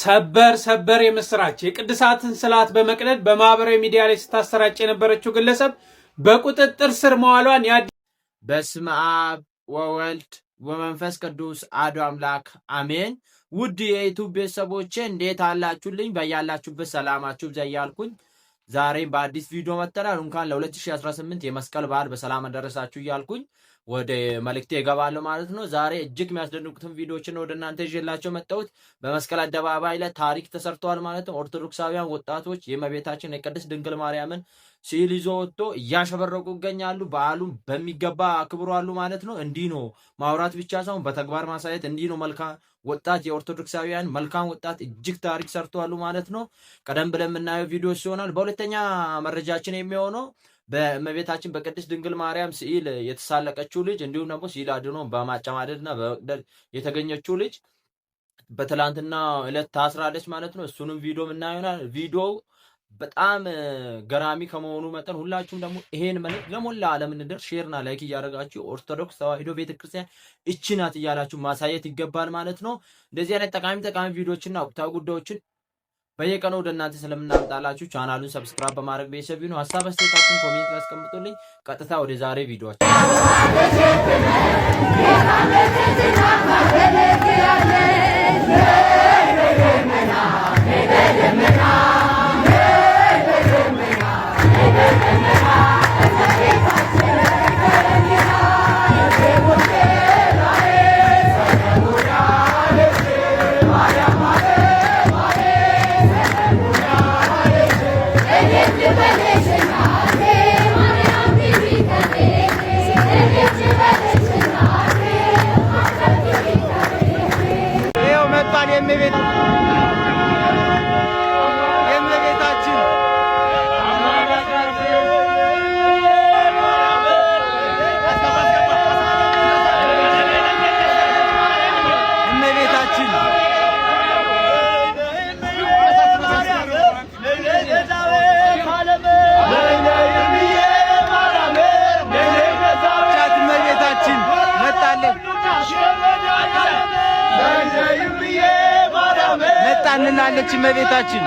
ሰበር ሰበር የምስራች የቅድሳትን ስዕላት በመቅደድ በማህበራዊ ሚዲያ ላይ ስታሰራጭ የነበረችው ግለሰብ በቁጥጥር ስር መዋሏን ያ በስመ አብ ወወልድ ወመንፈስ ቅዱስ አዶ አምላክ አሜን። ውድ የዩቱብ ቤተሰቦቼ እንዴት አላችሁልኝ? በያላችሁበት ሰላማችሁ ብዛ እያልኩኝ ዛሬም በአዲስ ቪዲዮ መጥተናል። እንኳን ለ2018 የመስቀል በዓል በሰላም አደረሳችሁ እያልኩኝ ወደ መልእክቴ እገባለሁ ማለት ነው። ዛሬ እጅግ የሚያስደንቁትን ቪዲዮዎችን ወደ እናንተ ይዤላቸው መጣሁት። በመስቀል አደባባይ ላይ ታሪክ ተሰርተዋል ማለት ነው። ኦርቶዶክሳውያን ወጣቶች የእመቤታችን የቅድስት ድንግል ማርያምን ሲል ይዞ ወጥቶ እያሸበረቁ ይገኛሉ። በዓሉም በሚገባ አክብሯሉ ማለት ነው። እንዲህ ነው ማውራት ብቻ ሳይሆን በተግባር ማሳየት። እንዲህ ነው መልካም ወጣት የኦርቶዶክሳውያን መልካም ወጣት እጅግ ታሪክ ሰርተዋሉ ማለት ነው። ቀደም ብለን የምናየው ቪዲዮ ሲሆናል። በሁለተኛ መረጃችን የሚሆነው በእመቤታችን በቅድስት ድንግል ማርያም ስዕል የተሳለቀችው ልጅ እንዲሁም ደግሞ ስዕል አድኖ በማጨማደድ እና በመቅደል የተገኘችው ልጅ በትላንትና ዕለት ታስራለች ማለት ነው። እሱንም ቪዲዮ ምናየሆናል ቪዲዮ በጣም ገራሚ ከመሆኑ መጠን ሁላችሁም ደግሞ ይሄን መልዕክት ለሞላ ዓለም እንድደርስ ሼርና ላይክ እያደረጋችሁ ኦርቶዶክስ ተዋሕዶ ቤተክርስቲያን እቺ ናት እያላችሁ ማሳየት ይገባል ማለት ነው። እንደዚህ አይነት ጠቃሚ ጠቃሚ ቪዲዮዎችና ወቅታዊ ጉዳዮችን በየቀኑ ወደ እናንተ ስለምናመጣላችሁ ቻናሉን ሰብስክራይብ በማድረግ ቤተሰብ ይሁኑ። ሀሳብ አስተያየታችሁን ኮሜንት ላይ ቀጥታ ወደ ዛሬ ቪዲዮአችን ታንናለች እመቤታችን።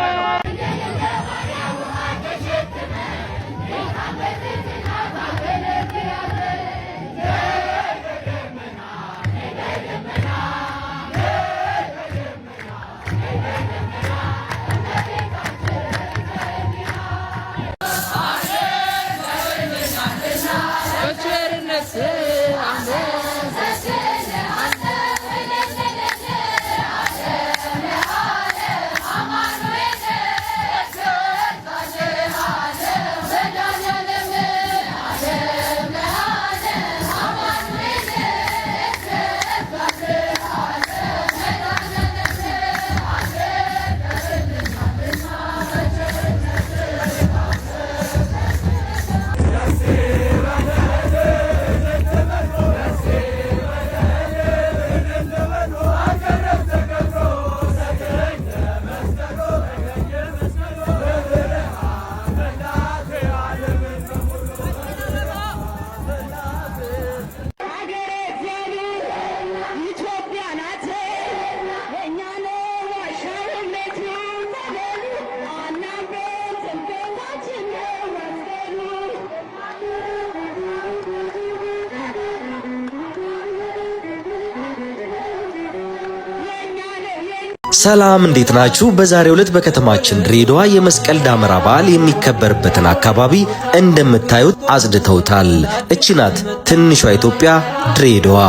ሰላም እንዴት ናችሁ? በዛሬው ዕለት በከተማችን ድሬዳዋ የመስቀል ዳመራ በዓል የሚከበርበትን አካባቢ እንደምታዩት አጽድተውታል። እቺ ናት ትንሿ ኢትዮጵያ ድሬዳዋ።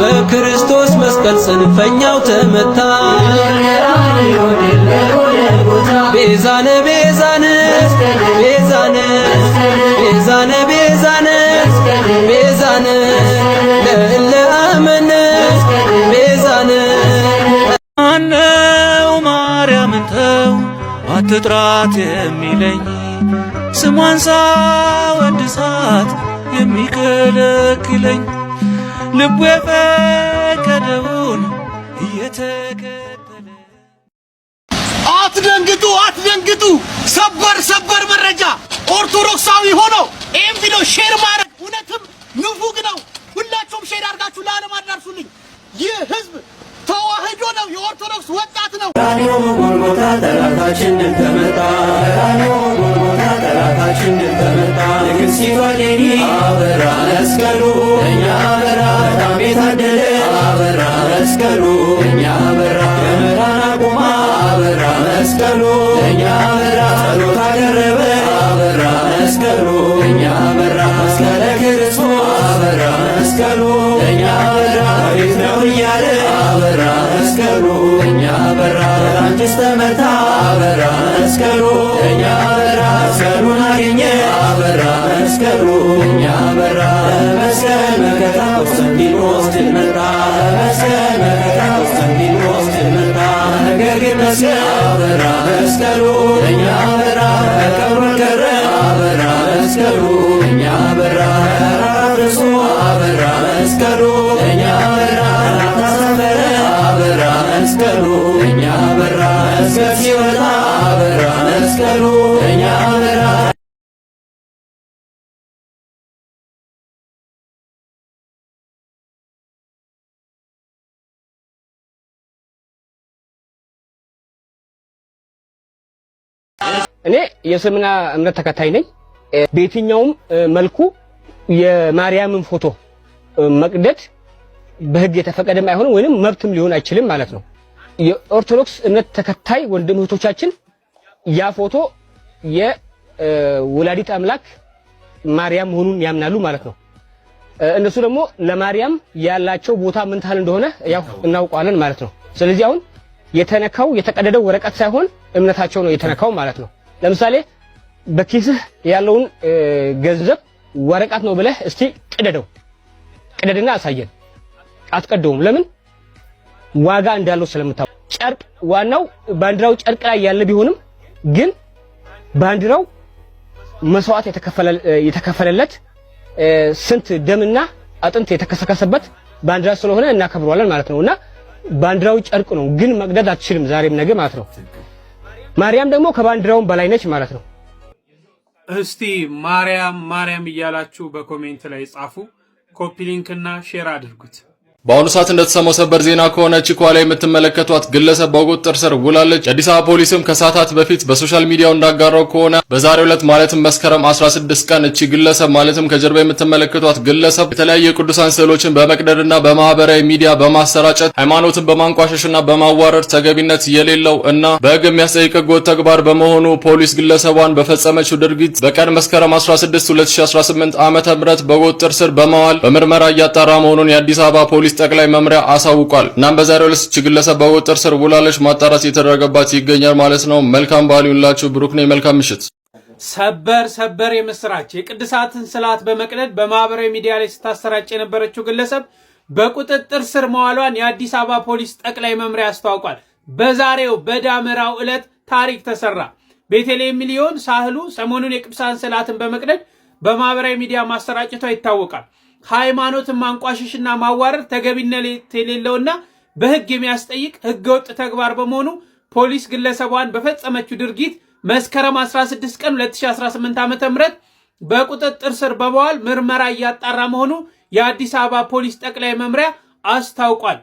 በክርስቶስ መስቀል ጽንፈኛው ተመታ። ቤዛነ ቤዛነ ቤዛነ ቤዛነ ቤዛነ አትጥራት የሚለኝ ስሟን ሳወድሳት የሚከለክለኝ ልቡ የፈቀደውን እየተከተለ አትደንግጡ፣ አትደንግጡ። ሰበር ሰበር መረጃ ኦርቶዶክሳዊ ሆኖ ይህም ቪዲዮ ሼር ማድረግ እውነትም ንፉግ ነው። ሁላችሁም ሼር አድርጋችሁ ለዓለም አዳርሱልኝ። ይህ ህዝብ ተዋህዶ ነው፣ የኦርቶዶክስ ወጣት ነው። ቀራንዮ ጎልጎታ ጠላታችን ድል ተመታ። ቀራንዮ ጎልጎታ ጠላታችን ድል ተመታ። ንግሥቲቷ እሌኒ አበራ መስቀሉ እኛ አበራ በጣም የታደለ አበራ መስቀሉ እኛ አበራ የምራን አቁማ አበራ መስቀሉ እኛ አበራ ጸሎት አደረበ አበራ መስቀሉ እኛ አበራ መስቀሉ እኛ በራ ነው እያለ አበራ መስቀሉ እኛ በራ አንቺስ ተመታ አበራ መስቀሉ እኛ በራ መስቀሉን አገኘ አበራ መስቀሉ እኛ በራ መስቀል መከታ ውስጥ እንዲሞስ መጣ መስቀል መከታ ውስጥ እንዲሞስ መጣ ነገር ግን መስቀል አበራ መስቀሉ እኛ በራ ቀብሮን ቀረ አበራ መስቀሉ መስቀሉ እኛ በራ መስቀል ሲወጣ በራ መስቀሉ እኛ በራ እኔ የእስልምና እምነት ተከታይ ነኝ። በየትኛውም መልኩ የማርያምን ፎቶ መቅደድ በሕግ የተፈቀደም አይሆንም ወይንም መብትም ሊሆን አይችልም ማለት ነው። የኦርቶዶክስ እምነት ተከታይ ወንድም እህቶቻችን ያ ፎቶ የወላዲት አምላክ ማርያም መሆኑን ያምናሉ ማለት ነው። እነሱ ደግሞ ለማርያም ያላቸው ቦታ ምን ታህል እንደሆነ ያው እናውቀዋለን ማለት ነው። ስለዚህ አሁን የተነካው የተቀደደው ወረቀት ሳይሆን እምነታቸው ነው የተነካው ማለት ነው። ለምሳሌ በኪስህ ያለውን ገንዘብ ወረቀት ነው ብለህ እስቲ ቅደደው፣ ቅደድና አሳየን። አትቀደውም። ለምን? ዋጋ እንዳለው ስለምታ ጨርቅ ዋናው ባንዲራው ጨርቅ ላይ ያለ ቢሆንም ግን ባንዲራው መስዋዕት የተከፈለለት ስንት ደምና አጥንት የተከሰከሰበት ባንዲራ ስለሆነ እናከብረዋለን ማለት ነው እና ባንዲራው ጨርቅ ነው፣ ግን መቅደድ አትችልም ዛሬም ነገ ማለት ነው። ማርያም ደግሞ ከባንዲራውም በላይ ነች ማለት ነው። እስቲ ማርያም ማርያም እያላችሁ በኮሜንት ላይ ጻፉ። ኮፒ ሊንክና ሼር አድርጉት። በአሁኑ ሰዓት እንደተሰማው ሰበር ዜና ከሆነ ቺኳ ላይ የምትመለከቷት ግለሰብ በቁጥጥር ስር ውላለች። የአዲስ አበባ ፖሊስም ከሰዓታት በፊት በሶሻል ሚዲያው እንዳጋራው ከሆነ በዛሬው ዕለት ማለትም መስከረም 16 ቀን እቺ ግለሰብ ማለትም ከጀርባ የምትመለከቷት ግለሰብ የተለያዩ የቅዱሳን ስዕሎችን በመቅደድና በማህበራዊ ሚዲያ በማሰራጨት ሃይማኖትን በማንቋሸሽና በማዋረድ ተገቢነት የሌለው እና በህግ የሚያስጠይቅ ሕገወጥ ተግባር በመሆኑ ፖሊስ ግለሰቧን በፈጸመችው ድርጊት በቀን መስከረም 16 2018 ም በቁጥጥር ስር በመዋል በምርመራ እያጣራ መሆኑን የአዲስ አበባ ፖሊስ ጠቅላይ መምሪያ አሳውቋል። እናም በዛሬው ዕለት እቺ ግለሰብ በቁጥጥር ስር ውላለች፣ ማጣራት የተደረገባት ይገኛል ማለት ነው። መልካም በዓል ይሁንላችሁ። ብሩክ ነኝ። መልካም ምሽት። ሰበር ሰበር የምስራች የቅድሳትን ስላት በመቅደድ በማህበራዊ ሚዲያ ላይ ስታሰራጭ የነበረችው ግለሰብ በቁጥጥር ስር መዋሏን የአዲስ አበባ ፖሊስ ጠቅላይ መምሪያ አስታውቋል። በዛሬው በዳመራው ዕለት ታሪክ ተሰራ። ቤተልሔም ሚሊዮን ሳህሉ ሰሞኑን የቅዱሳን ስዕላትን በመቅደድ በማህበራዊ ሚዲያ ማሰራጨቷ ይታወቃል። ሃይማኖትን ማንቋሸሽና ማዋረድ ተገቢነት የሌለውና በህግ የሚያስጠይቅ ህገወጥ ተግባር በመሆኑ ፖሊስ ግለሰቧን በፈጸመችው ድርጊት መስከረም 16 ቀን 2018 ዓ.ም በቁጥጥር ስር በመዋል ምርመራ እያጣራ መሆኑ የአዲስ አበባ ፖሊስ ጠቅላይ መምሪያ አስታውቋል።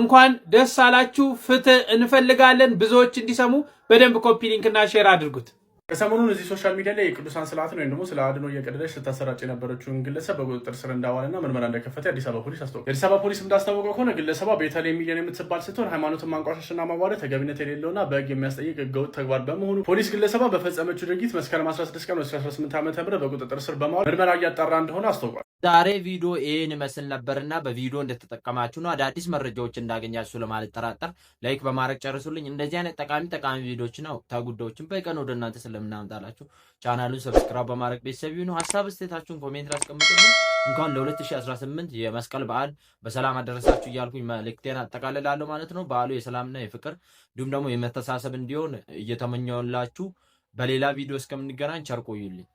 እንኳን ደስ አላችሁ። ፍትህ እንፈልጋለን። ብዙዎች እንዲሰሙ በደንብ ኮፒ ሊንክና ሼር አድርጉት። ከሰሞኑን እዚህ ሶሻል ሚዲያ ላይ የቅዱሳን ስርዓትን ወይም ደግሞ ስለ አድኖ እየቀደደች ስታሰራጭ የነበረችውን ግለሰብ በቁጥጥር ስር እንዳዋለና ምርመራ እንደከፈተ የአዲስ አበባ ፖሊስ አስታወቀ። የአዲስ አበባ ፖሊስ እንዳስታወቀው ከሆነ ግለሰቧ ቤተልሔም ሚሊዮን የምትባል ስትሆን ሃይማኖትን ማንቋሸሽና ማዋረድ ተገቢነት የሌለውና በህግ የሚያስጠይቅ ሕገወጥ ተግባር በመሆኑ ፖሊስ ግለሰቧ በፈጸመችው ድርጊት መስከረም 16 ቀን 2018 ዓ ም በቁጥጥር ስር በማዋል ምርመራ እያጣራ እንደሆነ አስታውቋል። ዛሬ ቪዲዮ ይህን ይመስል ነበርና በቪዲዮ እንደተጠቀማችሁ ነው አዳዲስ መረጃዎች እንዳገኛችሁ ለማልጠራጠር ላይክ በማድረግ ጨርሱልኝ። እንደዚህ አይነት ጠቃሚ ጠቃሚ ቪዲዮዎችና ወቅታዊ ጉዳዮችን በቀን ወደ እናንተ ስለምናመጣላችሁ ቻናሉን ሰብስክራይብ በማድረግ ቤተሰብ ነው። ሀሳብ ስቴታችሁን ኮሜንት አስቀምጡልን። እንኳን ለ2018 የመስቀል በዓል በሰላም አደረሳችሁ እያልኩኝ መልእክቴን አጠቃልላለሁ ማለት ነው። በዓሉ የሰላምና የፍቅር እንዲሁም ደግሞ የመተሳሰብ እንዲሆን እየተመኘውላችሁ በሌላ ቪዲዮ እስከምንገናኝ ቸር ቆዩልኝ።